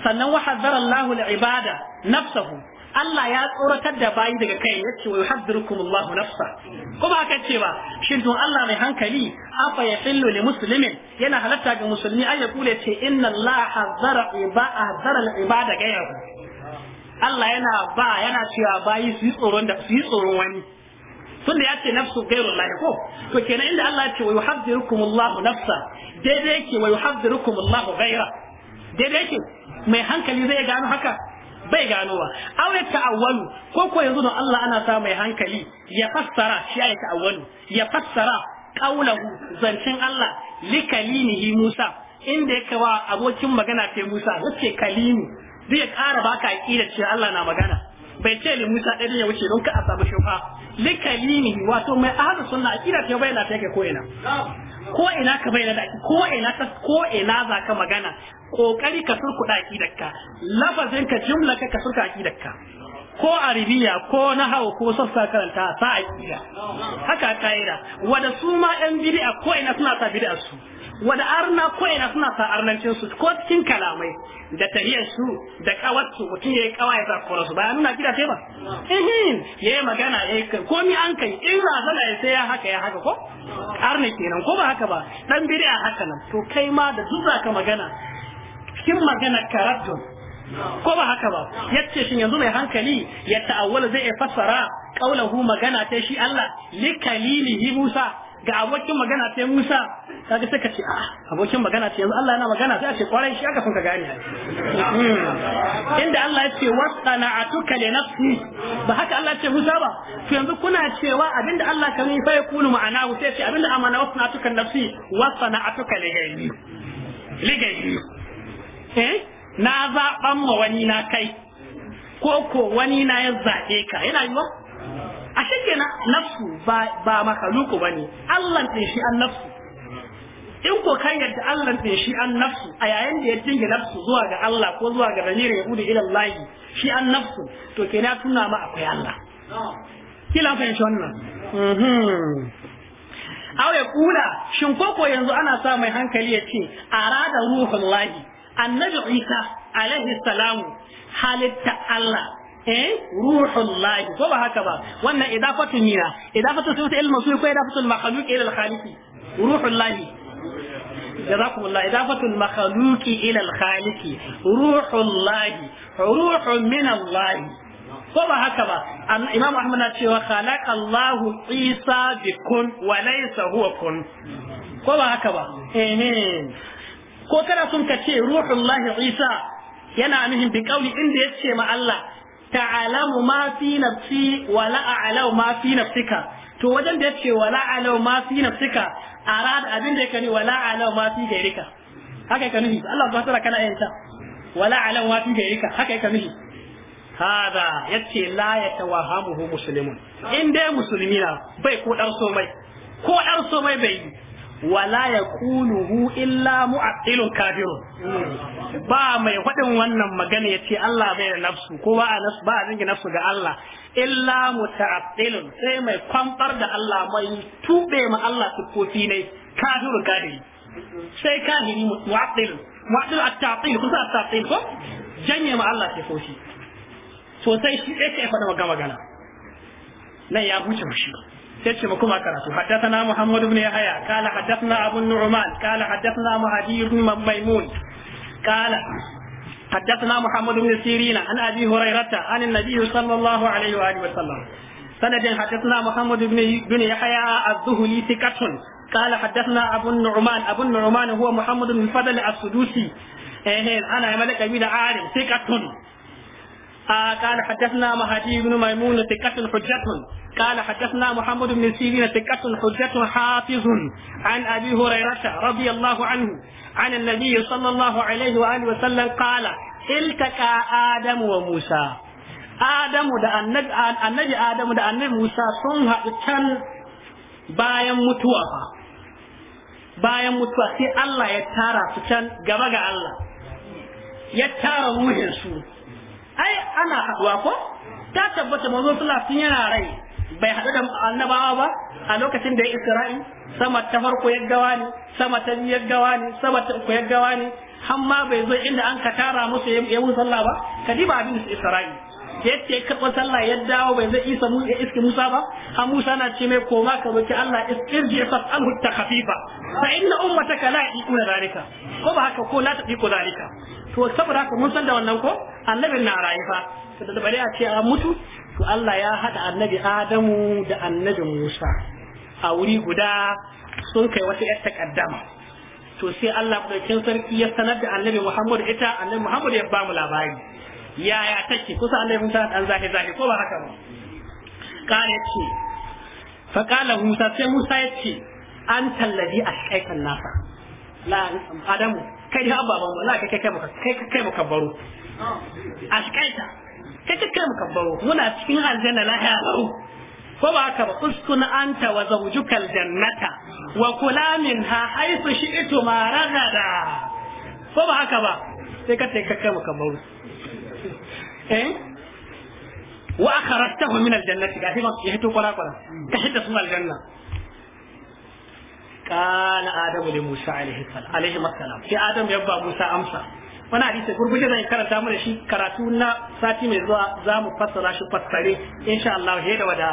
sannan wa hazzara Allahu al-ibada nafsahu Allah ya tsoratar da bayi daga kai ya ce wa yuhaddirukum Allah nafsa kuma aka ce ba shin don Allah mai hankali afa ya fillu li muslimin yana halatta ga musulmi ay kula ce inna Allah hazzara ibada hazzara ibada gairu Allah yana ba yana cewa bayi su yi tsoron da su yi tsoron wani tunda ya ce nafsu gairu lahi ko to kenan inda Allah ya ce wa yuhaddirukum Allah nafsa daidai yake wa yuhaddirukum Allah gaira daidai yake mai hankali zai gano haka bai gano ba ya ta'awwalu ko ko yanzu don Allah ana sa mai hankali ya fassara shi ya ta'awwalu ya fassara qaulahu zancin Allah li Musa inda ya kawa abokin magana sai Musa yace kalimi zai ƙara baka aqida ce Allah na magana bai ce li Musa dai ya wuce don ka a samu shufa likalimi wato mai ahlus sunna aqida ce bai na take ko ina ko ina ka bayyana ko ina ko ina za ka magana kokari ka surkuɗa aqidarka lafazin ka jumla ka surka aqidarka ko arabiya ko nahawu ko sassa karanta sa ƙira. haka kaida wanda su ma ɗan bid'a ko ina suna sa bid'a su arna ko ina suna sa arnancin su ko cikin kalamai da tahiyar su da kawatsu mutum yayi kawai za ko su bayan nuna gida sai ba ehin yayi magana yayi ko ni an kai in za sana ya sai ya haka ya haka ko arna kenan ko ba haka ba dan bid'a haka nan to kai ma da duk ka magana cikin magana karatun, ko ba haka ba yace shin yanzu mai hankali ya ta'awwala zai iya fassara qaulahu magana ta shi Allah li kalilihi Musa ga abokin magana ta Musa kaga sai ka ce a abokin magana ta yanzu Allah yana magana sai a ce kwarai shi aka sun ka gane hmm. inda Allah ya ce wasana'atuka li nafsi ba haka Allah ya ce Musa ba to yanzu kuna cewa abinda Allah kan yi fa ya kunu ma'ana sai ce abinda amana wasana'atuka nafsi wasana'atuka li ghairi li ghairi Eh? na zaɓan ma wani na kai ko ko wani na ya zaɓe ka yana yiwa a shike na nafsu ba ba ne bane Allah ɗin shi an nafsu in ko kan yadda Allah ɗin shi an nafsu a yayin da ya dinga nafsu zuwa ga Allah ko zuwa ga dalilin ya bude ilan layi, shi an nafsu to na tuna ma akwai Allah kila fahimci wannan mhm. aw ya kula shin koko yanzu ana sa mai hankali ya ce a rada ruhun lahi annabi isa alaihi salamu halitta allah eh ruhullah ko ba haka ba wannan idafatu nira idafatu sifatu ilmi ko idafatu al-makhluq ila al-khaliq ruhullah جزاكم الله إضافة المخلوق إلى الخالق روح الله روح من الله كما هكذا الإمام أحمد cewa خلق الله عيسى بكن وليس هو ko kana son ka ce ruhullahi isa yana nuhin bi kauli inda yace ma Allah ta'alamu ma fi nafsi wa la a'lamu ma fi nafsika to wajen da yace wa la a'lamu ma fi nafsika arad abin da yake ni wa la a'lamu ma fi gairika haka ka nuhi Allah subhanahu wa ta'ala kana ayanta wa la a'lamu ma fi gairika haka ka nuhi hada yace la yatawahamuhu muslimun in dai musulmina bai ko dan somai ko dan somai bai wala ya kuluhu illa mu'attilun kafiru, ba mai faɗin wannan magana yace Allah bai da nafsu ko ba a nafsu ba a zingi nafsu ga Allah illa muta'attilun sai mai kwamfar da Allah mai tube ma Allah kofi ne kafirun kafiri sai kafiri mu mu'attil at-ta'til kun sa at-ta'til ko janye ma Allah sufofi to sai shi sai ya faɗa magana nan ya huce shi. sai ce kuma karatu haddathana muhammad ibn yahya qala haddathna abu nu'man qala haddathna muhadir ibn maimun qala حدثنا محمد بن سيرين عن ابي هريره عن النبي صلى الله عليه واله وسلم سند حدثنا محمد بن بن يحيى الذهلي ثقة قال حدثنا ابو النعمان ابو النعمان هو محمد بن فضل السدوسي ايه انا ملك ابي عالم ثقة آه قال حدثنا مهدي بن ميمون ثقة حجة قال حدثنا محمد بن سيرين ثقة حجة حافظ عن أبي هريرة رضي الله عنه عن النبي صلى الله عليه وآله وسلم قال التقى آدم وموسى آدم دا النبي آدم دا النبي موسى sun haɗu can bayan mutuwa bayan mutuwa sai Allah ya tara su can gaba ga Allah ya tara ruhin su ai ana haduwa ko ta tabbata manzo sallallahu alaihi yana rai bai haɗu da annabawa ba a lokacin da ya isra'i sama ta farko ya gawa ne sama ta biyu ya gawa ne sama ta uku ya gawa ne har ma bai zo inda an ka tara musu ya yi sallah ba ka ba abin da isra'i yadda ya karɓa sallah ya dawo bai zai isa mu ya iski musa ba har musa na ce mai koma ka roki allah irje fas'alhu kafifa fa inna ummataka la yaqulu dhalika ko ba haka ko la ko dhalika to saboda haka mun san da wannan ko annabin na rayuwa to da bare a ce an mutu to Allah ya hada annabi Adamu da annabi Musa a wuri guda sun kai wata yar takaddama to sai Allah madaukakin sarki ya sanar da annabi Muhammad ita annabi Muhammad ya ba mu labari yaya take kusa annabi Musa dan zahi zahi ko ba haka ba kare ce fa kala Musa sai Musa ya ce an a ashaikan nasa la Adamu kai da abba ban wallahi kai kai muka kai kai muka baro ashkaita kai kai kai muka baro muna cikin aljanna lahiya baro ko ba haka ba uskun anta wa zawjuka aljannata wa kula minha haythu shi'tuma ragada ko ba haka ba sai ka kai kai mu baro eh wa akhrajtahu min aljannati ga shi ba ya hito kwala kwala ka hidda sun aljanna kana adamu li musa alaihi salam alaihi salam sai adam ya ba musa amsa wani hadisi gurguje zan karanta mana shi karatu na sati mai zuwa za mu fassara shi fassare insha Allah he da wada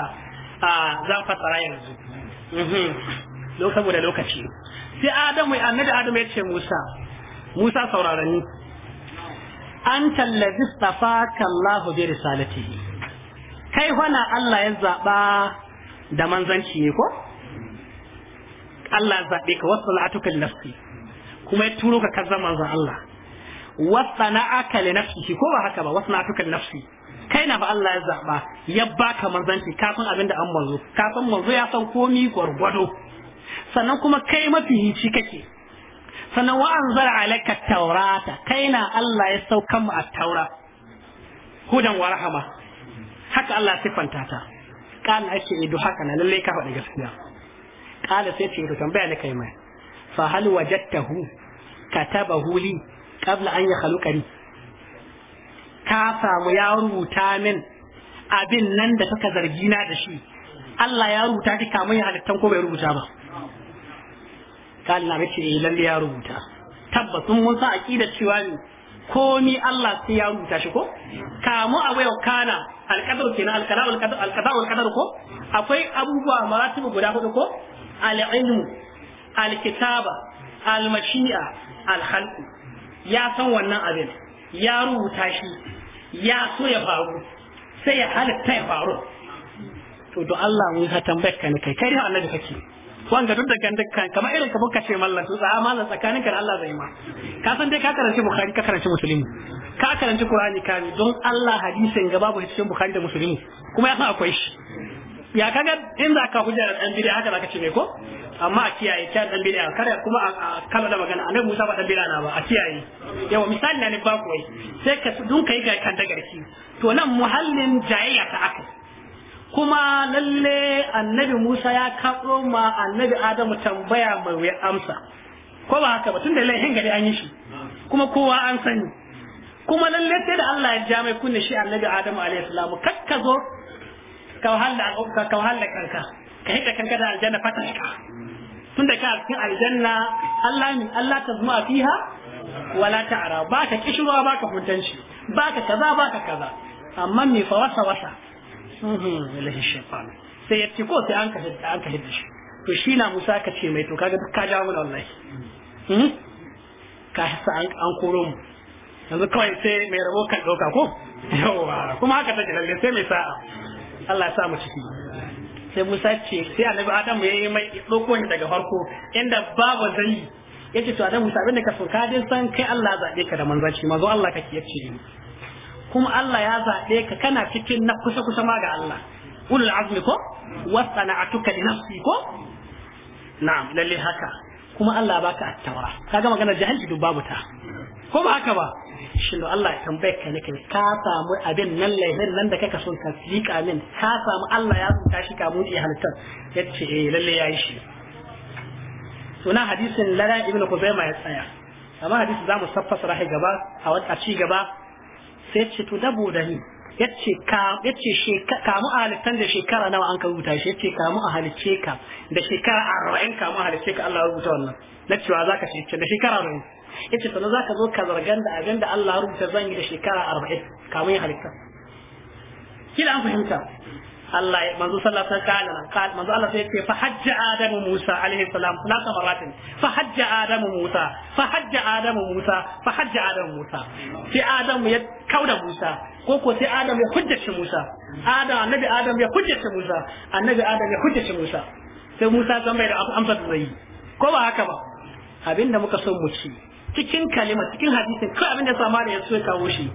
zan fassara yanzu lo saboda lokaci sai adamu annabi adamu ya ce musa musa saurarani anta allazi stafaka Allah bi risalatihi kai wana Allah ya zaba da manzanci ne ko Allah ya ka wasu li nafsi kuma ya turo ka kaza manzon Allah Wasu na'aka li nafsi ko ba haka ba wasu li nafsi kai na ba Allah ya zaba ya ba ka manzanci kafin abinda an manzo kafin manzo ya san komi gwargwado sannan kuma kai mafi mafihici kake sannan wa zara alaka taurata kai na Allah ya saukan mu a taura hudan wa rahama haka Allah ya siffanta ta kana ake ido haka na lallai ka faɗi gaskiya kala sai ce tambaya ne kai mai fa hal wajadtahu katabahu li qabla an yakhluqani ka samu ya rubuta min abin nan da kaka zargi na da shi Allah ya rubuta ki kamun ya halittan ko bai rubuta ba Allah ce eh lalle ya rubuta tabbatun mun sa aqida cewa ni komi Allah sai ya rubuta shi ko kamu abu yau kana alqadar kenan alqada alqada alqada ko akwai abubuwa maratibu guda hudu ko al'ilmu alkitaba almashi'a alhalku ya san wannan abin ya rubuta shi ya so ya faru sai ya halitta ya faru to don Allah mun ha tambayar ka ne kai kai da kake wanga duk da gandukan kamar irin ka buka ce mallan su tsaya mallan tsakanin ka da Allah zai ma ka san dai ka karanci bukhari ka karanci musulmi ka karanci qur'ani ka don Allah hadisin ga babu cikin bukhari da musulmi kuma ya san akwai shi ya kaga in za ka hujjar dan bid'a haka za ka ce me ko amma a kiyaye ta dan bid'a kada kuma a kalla da magana annabi Musa ba dan bid'a na ba a kiyaye yawa misali na ne ba kuwai sai ka dun kai ga kan dagarki to nan muhallin jayayya ta aka kuma lalle annabi Musa ya kafo ma annabi Adamu tambaya mai wuya amsa ko ba haka ba tunda lahin gari an yi shi kuma kowa an sani kuma lalle sai da Allah ya ja mai kunne shi annabi Adamu alayhi salamu kakka zo ka wahala ka wahala kanka ka hita kanka da aljanna fatashka tunda ka cikin aljanna Allah ni Allah ta zuma fiha wala ta'ara ba ka kishirwa ba ka hudanci ba ka kaza ba ka kaza amma me fa wasa wasa mhm, ilahi shaytan sai ya tiko sai an ka an ka hidda shi to shi na Musa ka ce mai to kaga ka jawo mana wallahi mhm. ka sa an koro mu yanzu kawai sai mai rabo kan ɗauka ko yawa kuma haka take lalle sai mai sa'a Allah ya sa mu ciki sai Musa ce sai Annabi Adamu ya yi mai doko ne daga farko inda babu zani yace to Adamu Musa da ka so ka din san kai Allah zabe ka da manzanci mazo Allah kake yace ni kuma Allah ya zabe ka kana cikin na kusa kusa ma ga Allah ulul azmi ko wasana'atuka li nafsi ko na'am lalle haka kuma Allah baka attawara ka kaga magana jahilci dubabuta babu ta ko ba haka ba shin da Allah ya tambaye ka kai ka samu abin nan laihin nan da kake son ka fika min ka samu Allah ya zuka shi ka mutu halittar yace eh lalle ya yi shi sunan hadisin lara ibn kuzaima ya tsaya amma hadisi za mu saffasa rahi gaba a wata ci gaba sai ce to dabo da ni yace ka yace kamu a halittan da shekara nawa an ka rubuta shi yace kamu a halice ka da shekara 40 kamu a halice ka Allah ya rubuta wannan na cewa zaka shi da shekara 40 yace sannan zaka zo ka zargan da abin da Allah rubuta zan yi da shekara 40 kamun ya halitta kila an fahimta Allah ya manzo sallallahu alaihi wasallam kana manzo Allah sai ce fa hajja adamu Musa alaihi salam la tamaratin fa hajja adamu Musa fa hajja adamu Musa fa hajja adamu Musa sai Adamu ya kauda Musa ko ko sai Adamu ya hujjace Musa Adam annabi Adamu ya hujjace Musa annabi Adamu ya hujjace Musa sai Musa san bai da amsa da zai ko ba haka ba abinda muka son mu ci cikin kalima cikin hadisin kai abin da ya samu da ya so kawo shi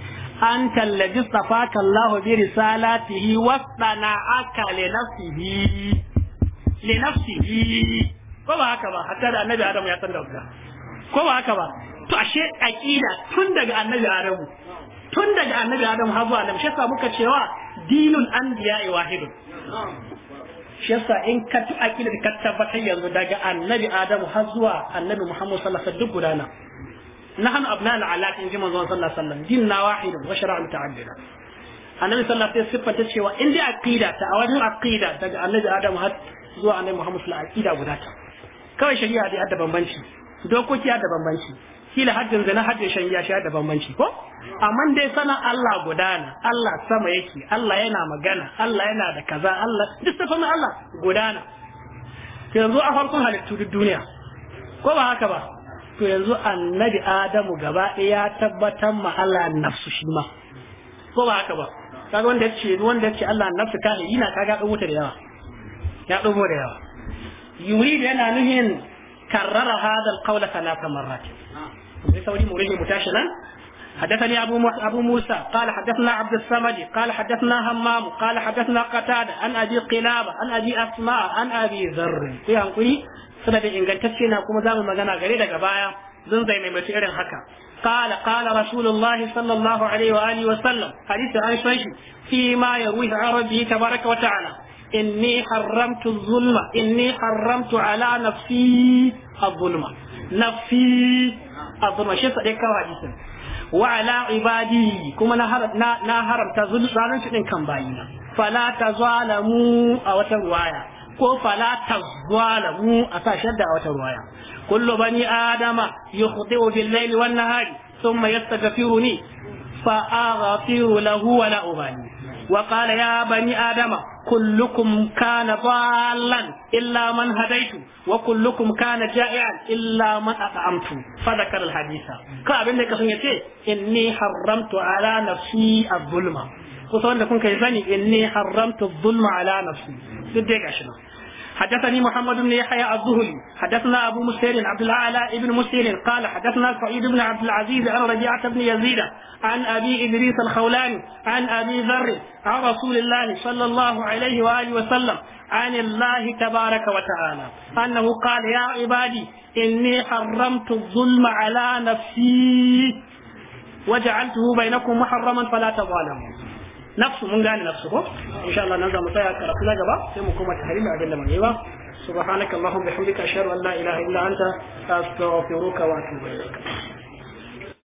an tallaji safaka Allah bi risalatihi wasdana aka li nafsihi li nafsihi ko ba haka ba hatta da annabi Adamu ya san da wuta ko ba haka ba to ashe aqida tun daga annabi Adamu tun daga annabi Adamu har zuwa annabi shi yasa muka cewa dinul anbiya'i wahidun shi yasa in ka tu aqida ka tabbatar yanzu daga annabi Adamu har zuwa annabi Muhammad sallallahu alaihi wasallam duk gudana Na abna al'alat in ji manzo sallallahu alaihi wasallam dinna wahidun wa shara'u ta'addida annabi sallallahu alaihi wasallam sai cewa in dai aqida ta a wajen aqida daga annabi adam har zuwa annabi muhammad sallallahu alaihi guda ta kawai shari'a dai da bambanci dokoki da bambanci kila haddin zina haddin shan giya shi da bambanci ko amma dai sana Allah gudana Allah sama yake Allah yana magana Allah yana da kaza Allah duk sifan Allah gudana yanzu a farkon halittu du duniya ko ba haka ba to yanzu annabi adamu gaba ya tabbatar ma Allah nafsu shi ma ko ba haka ba kaga wanda yace wanda yace Allah nafsu ka na kaga dubo ta da yawa ya dubo da yawa yuridu yana nuhin karrara hadal qawla thalatha marrat sai sauri mu rage nan حدثني أبو أبو موسى قال حدثنا عبد الصمد قال حدثنا همام قال حدثنا قتادة عن أبي قلابة عن أبي أسماء عن أبي ذر في أنقلي سنة إنجلتشينا كما زام مغانا غريدة قبايا ذن زي من بشير حكا قال قال رسول الله صلى الله عليه وآله وسلم حديث عن شيخ فيما يرويه عن ربه تبارك وتعالى إني حرمت الظلم إني حرمت على نفسي الظلم نفسي الظلم شيء صديق حديثا wa ala ibadi kuma na haramta zalunci din kan bayina fala tazalamu a wata ruwaya ko fala tazalamu a sashen da a wata ruwaya kullu bani adama yukhti'u bil layli wan nahari thumma yastaghfiruni fa aghfiru lahu wa la ubani. وقال يا بني آدم كلكم كان ضالا إلا من هديت وكلكم كان جائعا إلا من أطعمت فذكر الحديث كابن لك إني حرمت على نفسي الظلم kusa wanda كيفاني إني حرمت الظلم على نفسي ala nafsi حدثني محمد بن يحيى الظهري حدثنا ابو مسير عبد الاعلى بن مسير قال حدثنا سعيد بن عبد العزيز عن ربيعه بن يزيد عن ابي ادريس الخولاني عن ابي ذر عن رسول الله صلى الله عليه واله وسلم عن الله تبارك وتعالى انه قال يا عبادي اني حرمت الظلم على نفسي وجعلته بينكم محرما فلا تظالموا nafsu mun gane nafsu ko insha Allah nan za mu tsaya karatu na gaba sai mu koma abin da abinda mun yi ba subhanakallahumma bihamdika ashhadu an la ilaha illa anta astaghfiruka wa atubu ilaik